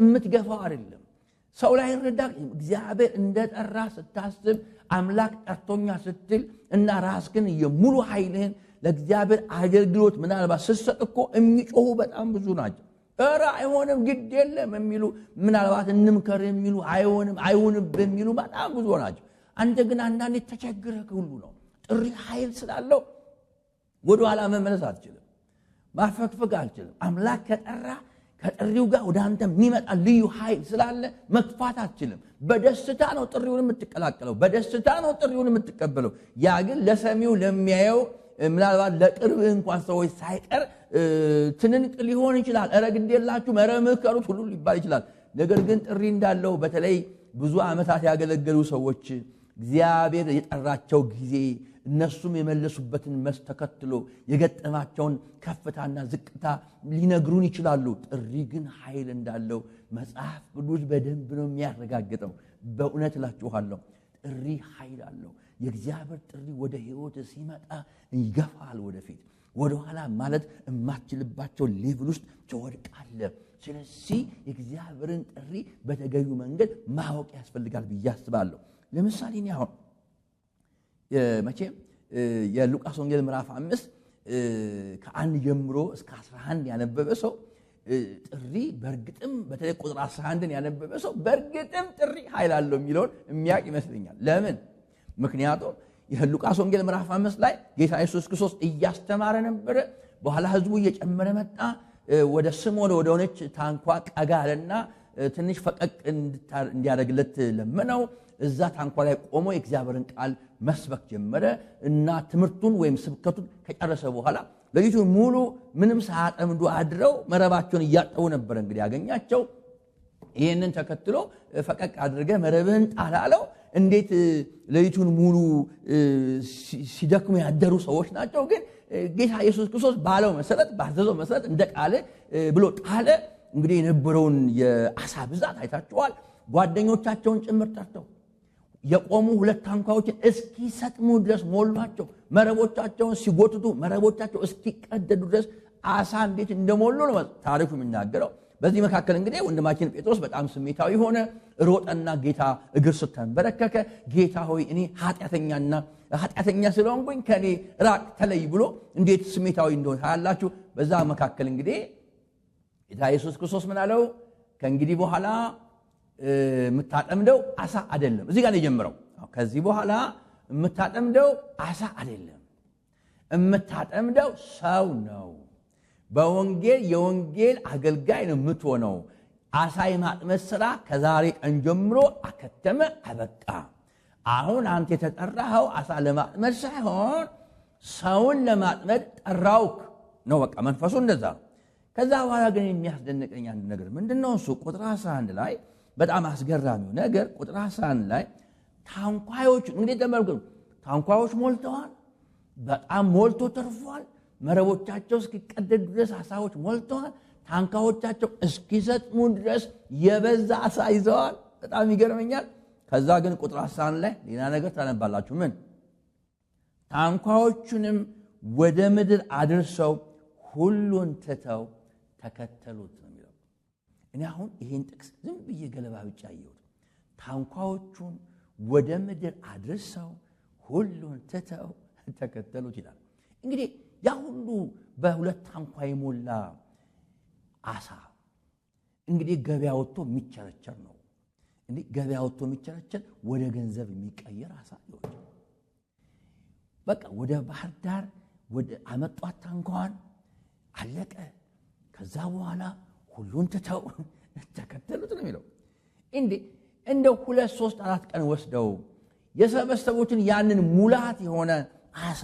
የምትገፋው አይደለም። ሰው ላይ ረዳ እግዚአብሔር እንደጠራ ስታስብ አምላክ ጠርቶኛ ስትል እና ራስክን የሙሉ ኃይልህን ለእግዚአብሔር አገልግሎት ምናልባት ስሰጥ እኮ የሚጮሁ በጣም ብዙ ናቸው። እረ አይሆንም፣ ግድ የለም የሚሉ ምናልባት እንምከር የሚሉ አይሆንም፣ አይሁንብ የሚሉ በጣም ብዙ ናቸው። አንተ ግን አንዳንዴ ተቸግረህ ሁሉ ነው። ጥሪ ኃይል ስላለው ወደኋላ መመለስ አልችልም ማፈግፈግ አልችልም። አምላክ ከጠራ ከጥሪው ጋር ወደ አንተ የሚመጣ ልዩ ኃይል ስላለ መክፋት አትችልም። በደስታ ነው ጥሪውን የምትቀላቀለው፣ በደስታ ነው ጥሪውን የምትቀበለው። ያ ግን ለሰሚው ለሚያየው ምናልባት ለቅርብ እንኳን ሰዎች ሳይቀር ትንንቅ ሊሆን ይችላል። ኧረ ግድ የላችሁም፣ ምከሩት ሁሉ ሊባል ይችላል። ነገር ግን ጥሪ እንዳለው በተለይ ብዙ ዓመታት ያገለገሉ ሰዎች እግዚአብሔር የጠራቸው ጊዜ እነሱም የመለሱበትን መስ ተከትሎ የገጠማቸውን ከፍታና ዝቅታ ሊነግሩን ይችላሉ። ጥሪ ግን ኃይል እንዳለው መጽሐፍ ቅዱስ በደንብ ነው የሚያረጋግጠው። በእውነት እላችኋለሁ ጥሪ ኃይል አለው። የእግዚአብሔር ጥሪ ወደ ህይወት ሲመጣ ይገፋል ወደፊት ወደኋላ ማለት የማትችልባቸው ሌቭል ውስጥ ትወድቃለ ስለዚህ የእግዚአብሔርን ጥሪ በተገቢው መንገድ ማወቅ ያስፈልጋል ብዬ አስባለሁ። ለምሳሌ አሁን መቼም የሉቃስ ወንጌል ምዕራፍ አምስት ከአንድ ጀምሮ እስከ 11 ያነበበ ሰው ጥሪ በእርግጥም በተለይ ቁጥር 11 ያነበበ ሰው በእርግጥም ጥሪ ኃይል አለው የሚለውን የሚያውቅ ይመስለኛል። ለምን? ምክንያቱም የሉቃስ ወንጌል ምዕራፍ አምስት ላይ ጌታ ኢየሱስ ክርስቶስ እያስተማረ ነበረ። በኋላ ህዝቡ እየጨመረ መጣ። ወደ ስሞን ወደ ሆነች ታንኳ ቀጋለና ትንሽ ፈቀቅ እንዲያደርግለት ለመነው። እዛ ታንኳ ላይ ቆሞ የእግዚአብሔርን ቃል መስበክ ጀመረ እና ትምህርቱን ወይም ስብከቱን ከጨረሰ በኋላ ሌሊቱን ሙሉ ምንም ሳያጠምዱ አድረው መረባቸውን እያጠቡ ነበረ እንግዲህ ያገኛቸው ይህንን ተከትሎ ፈቀቅ አድርገ መረብህን ጣል አለው። እንዴት ለይቱን ሙሉ ሲደክሙ ያደሩ ሰዎች ናቸው። ግን ጌታ ኢየሱስ ክርስቶስ ባለው መሰረት ባዘዘው መሰረት እንደ ቃል ብሎ ጣለ። እንግዲህ የነበረውን የአሳ ብዛት አይታችኋል። ጓደኞቻቸውን ጭምር ጠርተው የቆሙ ሁለት ታንኳዎችን እስኪሰጥሙ ድረስ ሞሏቸው። መረቦቻቸውን ሲጎትቱ መረቦቻቸው እስኪቀደዱ ድረስ አሳ እንዴት እንደሞሉ ነው ታሪኩ የሚናገረው። በዚህ መካከል እንግዲህ ወንድማችን ጴጥሮስ በጣም ስሜታዊ ሆነ። ሮጠና ጌታ እግር ስር ተንበረከከ። ጌታ ሆይ እኔ ኃጢአተኛና ኃጢአተኛ ስለሆንኩኝ ከእኔ ራቅ፣ ተለይ ብሎ እንዴት ስሜታዊ እንደሆነ ታያላችሁ። በዛ መካከል እንግዲህ ጌታ ኢየሱስ ክርስቶስ ምን አለው? ከእንግዲህ በኋላ የምታጠምደው አሳ አይደለም። እዚህ ጋር የጀምረው። ከዚህ በኋላ የምታጠምደው አሳ አይደለም፣ የምታጠምደው ሰው ነው። በወንጌል የወንጌል አገልጋይ ነው የምትሆነው። አሳ የማጥመድ ስራ ከዛሬ ቀን ጀምሮ አከተመ፣ አበቃ። አሁን አንተ የተጠራኸው አሳ ለማጥመድ ሳይሆን ሰውን ለማጥመድ ጠራውክ ነው። በቃ መንፈሱ እንደዛ። ነው ከዛ በኋላ ግን የሚያስደንቀኝ አንድ ነገር ምንድነው? እሱ ቁጥር 11 ላይ በጣም አስገራሚው ነገር ቁጥር 11 ላይ ታንኳዮቹ እንግዲህ ተመልከቱ፣ ታንኳዮች ሞልተዋል። በጣም ሞልቶ ተርፏል። መረቦቻቸው እስኪቀደዱ ድረስ አሳዎች ሞልተዋል። ታንኳዎቻቸው እስኪሰጥሙ ድረስ የበዛ አሳ ይዘዋል። በጣም ይገርመኛል። ከዛ ግን ቁጥር 11 ላይ ሌላ ነገር ታነባላችሁ። ምን ታንኳዎቹንም ወደ ምድር አድርሰው ሁሉን ትተው ተከተሉት ነው እኔ አሁን ይሄን ጥቅስ ዝም ብዬ ገለባ ብቻ አየሁት። ታንኳዎቹን ወደ ምድር አድርሰው ሁሉን ትተው ተከተሉት ይላል። እንግዲህ ያ ሁሉ በሁለት ታንኳ የሞላ አሳ እንግዲህ ገበያ ወጥቶ የሚቸረቸር ነው። እንዲህ ገበያ ወጥቶ የሚቸረቸር ወደ ገንዘብ የሚቀየር አሳ ይሆናል። በቃ ወደ ባህር ዳር ወደ አመጧት ታንኳዋን አለቀ። ከዛ በኋላ ሁሉን ትተው ተከተሉት ነው የሚለው። እንዲ እንደ ሁለት ሶስት አራት ቀን ወስደው የሰበሰቡትን ያንን ሙላት የሆነ አሳ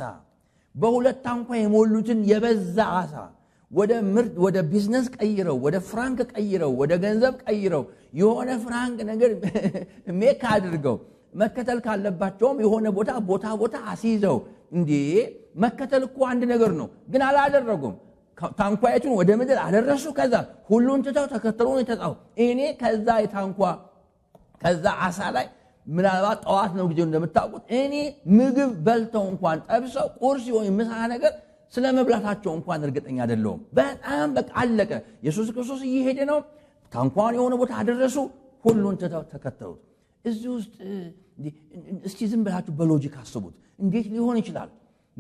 በሁለት ታንኳ የሞሉትን የበዛ አሳ ወደ ቢዝነስ ቀይረው፣ ወደ ፍራንክ ቀይረው፣ ወደ ገንዘብ ቀይረው የሆነ ፍራንክ ነገር ሜክ አድርገው መከተል ካለባቸውም የሆነ ቦታ ቦታ ቦታ አስይዘው እንዴ መከተል እኮ አንድ ነገር ነው፣ ግን አላደረጉም። ታንኳይቱን ወደ ምድር አደረሱ ከዛ ሁሉን ትተው ተከተሉን የተጻፉ እኔ ከዛ የታንኳ ከዛ አሳ ላይ ምናልባት ጠዋት ነው ጊዜው እንደምታውቁት እኔ ምግብ በልተው እንኳን ጠብሰው ቁርስ ወይ ምሳ ነገር ስለ መብላታቸው እንኳን እርግጠኛ አይደለሁም በጣም በቃ አለቀ ኢየሱስ ክርስቶስ እየሄደ ነው ታንኳን የሆነ ቦታ አደረሱ ሁሉን ትተው ተከተሉት እዚህ ውስጥ እስቲ ዝም ብላችሁ በሎጂክ አስቡት እንዴት ሊሆን ይችላል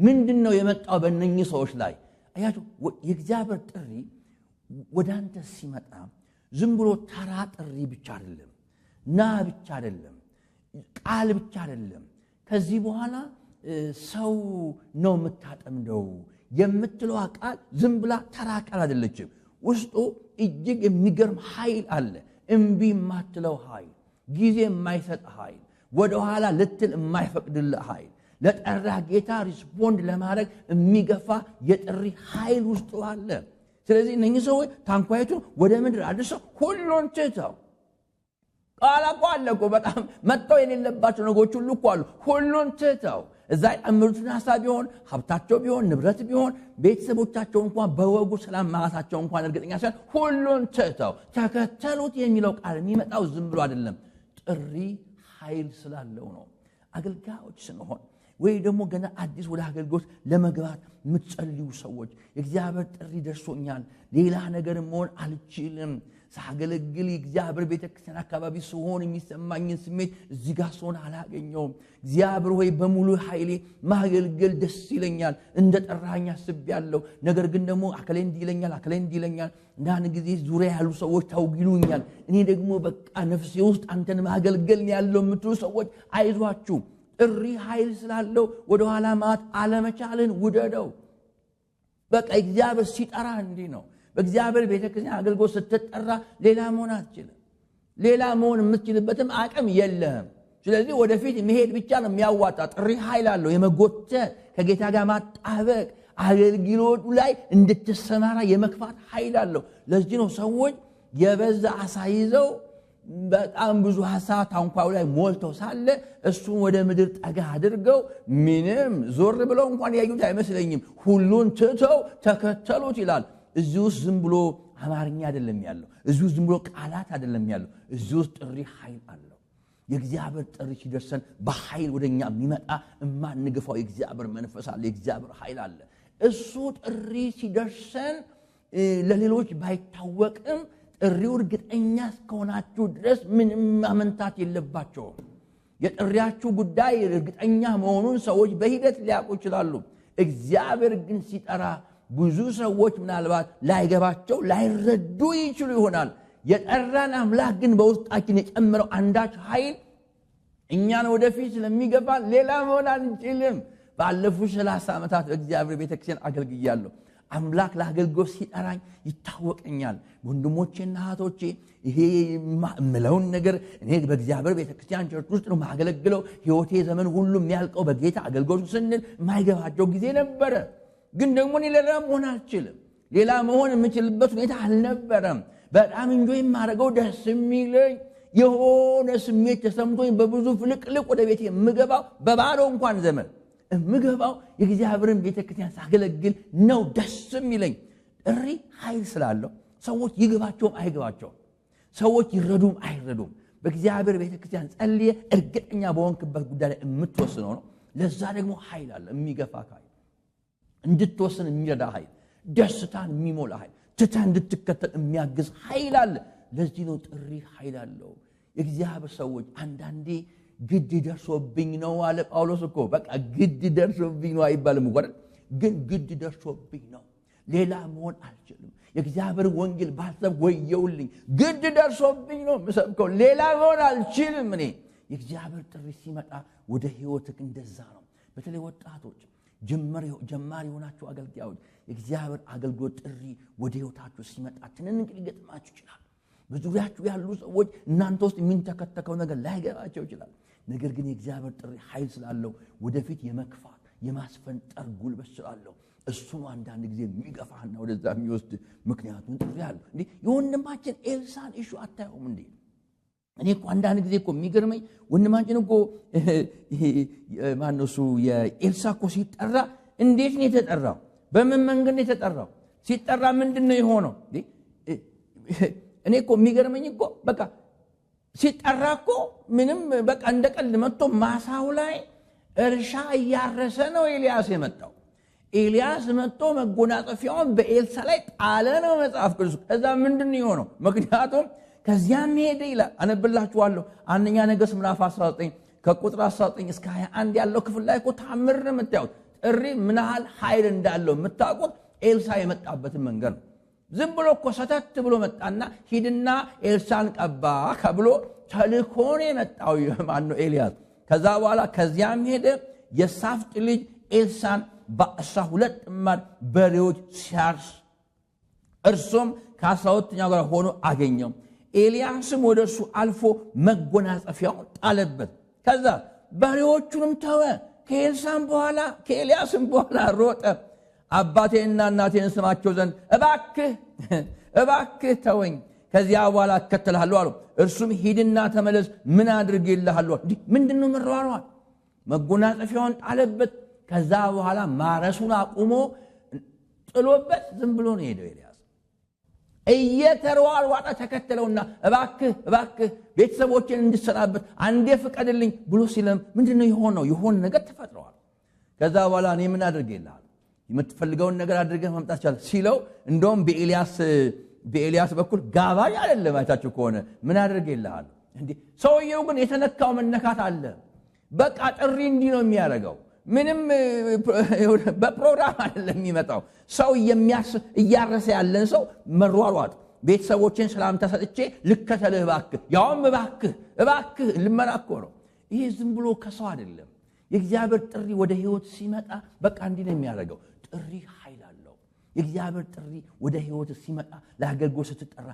ምንድን ነው የመጣው በእነኚህ ሰዎች ላይ አያችሁ የእግዚአብሔር ጥሪ ወደ አንተ ሲመጣ ዝም ብሎ ተራ ጥሪ ብቻ አይደለም፣ ና ብቻ አይደለም፣ ቃል ብቻ አይደለም። ከዚህ በኋላ ሰው ነው የምታጠምደው የምትለዋ ቃል ዝም ብላ ተራ ቃል አይደለችም። ውስጡ እጅግ የሚገርም ኃይል አለ። እምቢ የማትለው ኃይል፣ ጊዜ የማይሰጥ ኃይል፣ ወደኋላ ልትል የማይፈቅድልህ ኃይል ለጠራ ጌታ ሪስፖንድ ለማድረግ የሚገፋ የጥሪ ኃይል ውስጡ አለ ስለዚህ እነኚህ ሰዎች ታንኳይቱን ወደ ምድር አድርሰው ሁሉን ትተው ቃል እኮ አለ እኮ በጣም መጥተው የሌለባቸው ነገሮች ሁሉ እኮ አሉ ሁሉን ትተው እዛ የጠምሩትን ሀሳብ ቢሆን ሀብታቸው ቢሆን ንብረት ቢሆን ቤተሰቦቻቸው እንኳን በወጉ ሰላም ማራታቸው እንኳን እርግጠኛ ሲሆን ሁሉን ትተው ተከተሉት የሚለው ቃል የሚመጣው ዝም ብሎ አይደለም ጥሪ ኃይል ስላለው ነው አገልጋዮች ስንሆን ወይ ደግሞ ገና አዲስ ወደ አገልግሎት ለመግባት የምትጸልዩ ሰዎች የእግዚአብሔር ጥሪ ደርሶኛል፣ ሌላ ነገር መሆን አልችልም፣ ሳገለግል የእግዚአብሔር ቤተክርስቲያን አካባቢ ስሆን የሚሰማኝን ስሜት እዚጋ ስሆን አላገኘውም። እግዚአብሔር ወይ በሙሉ ኃይሌ ማገልገል ደስ ይለኛል፣ እንደ ጠራኝ አስብ ያለው ነገር ግን ደግሞ አከላይ እንዲ ይለኛል፣ አከላይ እንዲ ይለኛል። እንዳን ጊዜ ዙሪያ ያሉ ሰዎች ተው እኔ ደግሞ በቃ ነፍሴ ውስጥ አንተን ማገልገል ያለው የምትሉ ሰዎች አይዟችሁ ጥሪ ኃይል ስላለው ወደኋላ ማት አለመቻልን ውደደው። በቃ እግዚአብሔር ሲጠራ እንዲህ ነው። በእግዚአብሔር ቤተክርስቲያን አገልግሎት ስትጠራ ሌላ መሆን አትችልም። ሌላ መሆን የምትችልበትም አቅም የለህም። ስለዚህ ወደፊት መሄድ ብቻ ነው የሚያዋጣ። ጥሪ ኃይል አለው። የመጎተት ከጌታ ጋር ማጣበቅ አገልግሎቱ ላይ እንድትሰማራ የመክፋት ኃይል አለው። ለዚህ ነው ሰዎች የበዛ አሳይዘው በጣም ብዙ ሐሳብ ታንኳው ላይ ሞልተው ሳለ እሱን ወደ ምድር ጠጋ አድርገው ምንም ዞር ብለው እንኳን ያዩት አይመስለኝም። ሁሉን ትተው ተከተሉት ይላል። እዚህ ውስጥ ዝም ብሎ አማርኛ አይደለም ያለው። እዚህ ውስጥ ዝም ብሎ ቃላት አይደለም ያለው። እዚህ ውስጥ ጥሪ ኃይል አለው። የእግዚአብሔር ጥሪ ሲደርሰን በኃይል ወደኛ የሚመጣ እማንግፋው የእግዚአብሔር መንፈስ አለ። የእግዚአብሔር ኃይል አለ። እሱ ጥሪ ሲደርሰን ለሌሎች ባይታወቅም ጥሪው እርግጠኛ እስከሆናችሁ ድረስ ምንም ማመንታት የለባቸውም። የጥሪያችሁ ጉዳይ እርግጠኛ መሆኑን ሰዎች በሂደት ሊያውቁ ይችላሉ። እግዚአብሔር ግን ሲጠራ ብዙ ሰዎች ምናልባት ላይገባቸው፣ ላይረዱ ይችሉ ይሆናል። የጠራን አምላክ ግን በውስጣችን የጨመረው አንዳች ኃይል እኛን ወደፊት ስለሚገባ ሌላ መሆን አንችልም። ባለፉት ሰላሳ ዓመታት በእግዚአብሔር ቤተክርስቲያን አገልግያለሁ። አምላክ ለአገልግሎት ሲጠራኝ ይታወቀኛል። ወንድሞቼና እህቶቼ ይሄ የምለውን ነገር እኔ በእግዚአብሔር ቤተክርስቲያን ቸርች ውስጥ ነው ማገለግለው። ህይወቴ ዘመን ሁሉ የሚያልቀው በጌታ አገልግሎቱ ስንል የማይገባቸው ጊዜ ነበረ። ግን ደግሞ እኔ ሌላ መሆን አልችልም። ሌላ መሆን የምችልበት ሁኔታ አልነበረም። በጣም እንጆ የማደርገው ደስ የሚለኝ የሆነ ስሜት ተሰምቶኝ በብዙ ፍልቅልቅ ወደ ቤት የምገባው በባዶ እንኳን ዘመን የምገባው የእግዚአብሔርን ቤተክርስቲያን ሳገለግል ነው ደስ የሚለኝ። ጥሪ ኃይል ስላለው ሰዎች ይግባቸውም አይግባቸውም፣ ሰዎች ይረዱም አይረዱም፣ በእግዚአብሔር ቤተክርስቲያን ጸልየ እርግጠኛ በሆንክበት ጉዳይ ላይ የምትወስነው ነው። ለዛ ደግሞ ኃይል አለ፣ የሚገፋ ኃይል፣ እንድትወስን የሚረዳ ኃይል፣ ደስታን የሚሞላ ኃይል፣ ትተ እንድትከተል የሚያግዝ ኃይል አለ። ለዚህ ነው ጥሪ ኃይል አለው። የእግዚአብሔር ሰዎች አንዳንዴ ግድ ደርሶብኝ ነው አለ ጳውሎስ እኮ በቃ ግድ ደርሶብኝ ነው አይባልም እኮ ግን ግድ ደርሶብኝ ነው ሌላ መሆን አልችልም የእግዚአብሔር ወንጌል ባሰብ ወየውልኝ ግድ ደርሶብኝ ነው ምሰብከው ሌላ መሆን አልችልም እኔ የእግዚአብሔር ጥሪ ሲመጣ ወደ ህይወትህ እንደዛ ነው በተለይ ወጣቶች ጀማሪ የሆናቸው አገልጋዮች የእግዚአብሔር አገልግሎት ጥሪ ወደ ህይወታችሁ ሲመጣ ትንንቅ ሊገጥማችሁ ይችላል በዙሪያችሁ ያሉ ሰዎች እናንተ ውስጥ የሚንተከተከው ነገር ላይገባቸው ይችላል። ነገር ግን የእግዚአብሔር ጥሪ ኃይል ስላለው ወደፊት የመክፋት የማስፈንጠር ጉልበት ስላለው እሱ አንዳንድ ጊዜ የሚገፋና ወደዛ የሚወስድ። ምክንያቱም ጥሪ አለ። እ የወንድማችን ኤልሳን እሹ አታየውም እንዴ? እኔ እኮ አንዳንድ ጊዜ እኮ የሚገርመኝ ወንድማችን እኮ ማነሱ የኤልሳ እኮ ሲጠራ እንዴት ነው የተጠራው? በምን መንገድ ነው የተጠራው? ሲጠራ ምንድን ነው የሆነው? እኔ እኮ የሚገርመኝ እኮ በቃ ሲጠራ እኮ ምንም በቃ እንደ ቀልድ መጥቶ ማሳው ላይ እርሻ እያረሰ ነው ኤልያስ የመጣው። ኤልያስ መጥቶ መጎናጸፊያውን በኤልሳ ላይ ጣለ ነው መጽሐፍ ቅዱስ። ከዛ ምንድን የሆነው? ምክንያቱም ከዚያም ሄደ ይላል። አነብላችኋለሁ። አንደኛ ነገሥት ምዕራፍ 19 ከቁጥር 19 እስከ 21 ያለው ክፍል ላይ እኮ ታምር ነው የምታዩት። ጥሪ ምን ያህል ኃይል እንዳለው የምታውቁት ኤልሳ የመጣበትን መንገድ ነው። ዝም ብሎ እኮ ሰተት ብሎ መጣና ሂድና ኤልሳን ቀባ ከብሎ ተልኮን የመጣው ማነው ኤልያስ። ከዛ በኋላ ከዚያም ሄደ የሳፍጥ ልጅ ኤልሳን በአስራ ሁለት ጥማድ በሬዎች ሲያርስ እርሱም ከአስራ ሁለተኛው ጋር ሆኖ አገኘው። ኤልያስም ወደ እርሱ አልፎ መጎናጸፊያው ጣለበት። ከዛ በሬዎቹንም ተወ። ከኤልሳን በኋላ ከኤልያስም በኋላ ሮጠ አባቴና እናቴን ስማቸው ዘንድ እባክህ እባክህ ተወኝ ከዚያ በኋላ እከተልሃለሁ አሉ እርሱም ሂድና ተመለስ ምን አድርግ ይልሃሉ ምንድን ነው መረዋረዋል? መጎናጸፊያውን ጣለበት ከዛ በኋላ ማረሱን አቁሞ ጥሎበት ዝም ብሎ ነው ሄደው ኤልያስ እየተሯሯጠ ተከተለውና እባክህ እባክህ ቤተሰቦችን እንድሰናበት አንዴ ፍቀድልኝ ብሎ ሲለም ምንድነው የሆነው የሆነ ነገር ተፈጥረዋል ከዛ በኋላ እኔ ምን አድርግ ይልሃል የምትፈልገውን ነገር አድርገህ መምጣት ቻለ ሲለው እንደውም በኤልያስ በኩል ጋባዥ አይደለም። አይታችሁ ከሆነ ምን አድርግ ይልሃል። ሰውየው ግን የተነካው መነካት አለ። በቃ ጥሪ እንዲህ ነው የሚያደርገው። ምንም በፕሮግራም አይደለም የሚመጣው። ሰው እያረሰ ያለን ሰው መሯሯጥ ቤተሰቦችን ሰላም ተሰጥቼ ልከተልህ እባክህ፣ ያውም እባክህ እባክህ ልመናኮ ነው ይሄ። ዝም ብሎ ከሰው አይደለም። የእግዚአብሔር ጥሪ ወደ ህይወት ሲመጣ በቃ እንዲህ ነው የሚያደርገው። ጥሪ ኃይል አለው የእግዚአብሔር ጥሪ ወደ ህይወት ሲመጣ ለአገልግሎት ስትጠራ